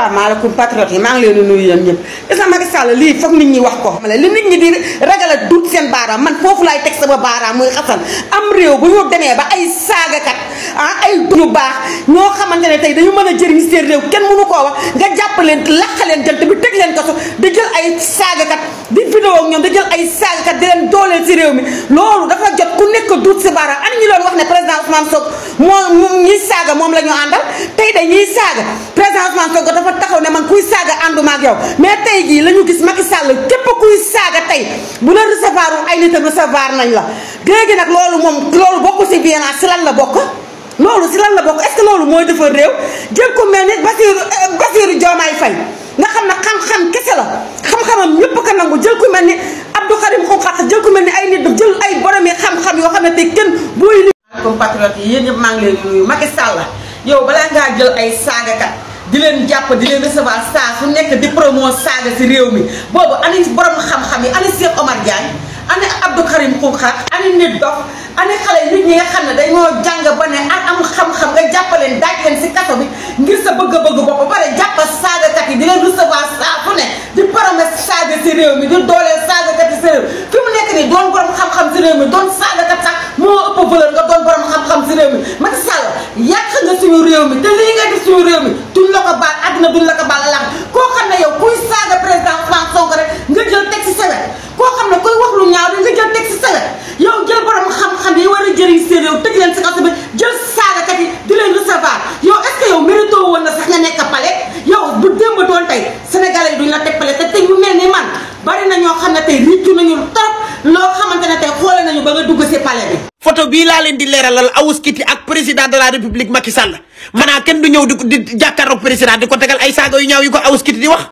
asalaamaaleykum patriote yi maa ngi leen di nuyu yéen ñëpp gis nga Macky Sall lii foog nit ñi wax ko ma ne li nit ñi di ragal a duut seen baaraam man foofu laay teg sama baaraam muy xasan am réew bu ñu demee ba ay saagakat ah ay ñu baax ñoo xamante ne tey dañu mën a jëriñ seen réew kenn mënu koo wax nga jàpp leen laq leen bi teg leen kaso di jël ay saagakat di vidéo ñoom di jël ay saagakat di leen dooleel si réew mi loolu dafa jot ku nekk duut si baaraam tey dañuy saaga président Ousmane Sonko dafa taxaw ne man kuy saaga ànduma ak yow mais tey jii la ñu gis Macky Sall képp kuy saaga tey bu la recevoir ay nitam recevoir nañ la léegi nag loolu moom loolu bokku ci violence ci lan la bokk loolu si lan la bokk est-ce loolu mooy defar réew jël ku mel ni Bassirou euh, Bassirou Diomaye nga xam ne xam-xam kese la xam-xamam ñëpp ko nangu jël ku mel ni Abdou Karim Xrum jël ku mel ni ay nit jël ay boromi xam-xam yoo xam ne te kenn booy. comme patriote yi yow balaa ngaa jël ay saagakat di leen jàpp di leen recevoir saa su nekk di promo saaga si réew mi boobu ani borom xam-xam yi ani Cheikh Omar Diagne ani Abdou Karim Koukhat ani ñi nga xam ne dañoo jàng ba ne ak am xam-xam nga jàppaleen daaj leen si kaso bi ngir sa bëgg-bëgg bopp bare jàppal saagakat yi di leen recevoir saa su si réew mi di dooleel saagakat yi si réew fi mu nekk nii doon borom xam-xam si réew mi doon saagakat sax moo ëpp valeur nga doon borom xam am si réew yàq nga suñu réew mi te lii nga def suñu réew mi duñ la ko baal àddina duñ la ko baal alax koo xam ne yow kuy saaga président Ousmane Sonko rek nga jël teg si sawet koo xam ne kuy wax lu ñaaw nga jël teg si sawet yow jël borom xam-xam yi war a jëriñ seen réew tëj leen si kaso bi jël saagakat yi di leen recevoir yow est ce que yow mérito woon na sax nga nekk palais yow bu démb doon tey sénégalais yi duñ la teg palais te tey ñu mel ni man bari na ñoo xam ne tey riccu nañu trop loo xamante ne tey xoole nañu ba nga dugg si bi foto bii laa leen di leeralal Awouskity ak président de la république Macky Sall kenn du ñëw di di jàkkaarloog président di ko tegal ay saaga yu ñaaw yu ko Awouskity di wax.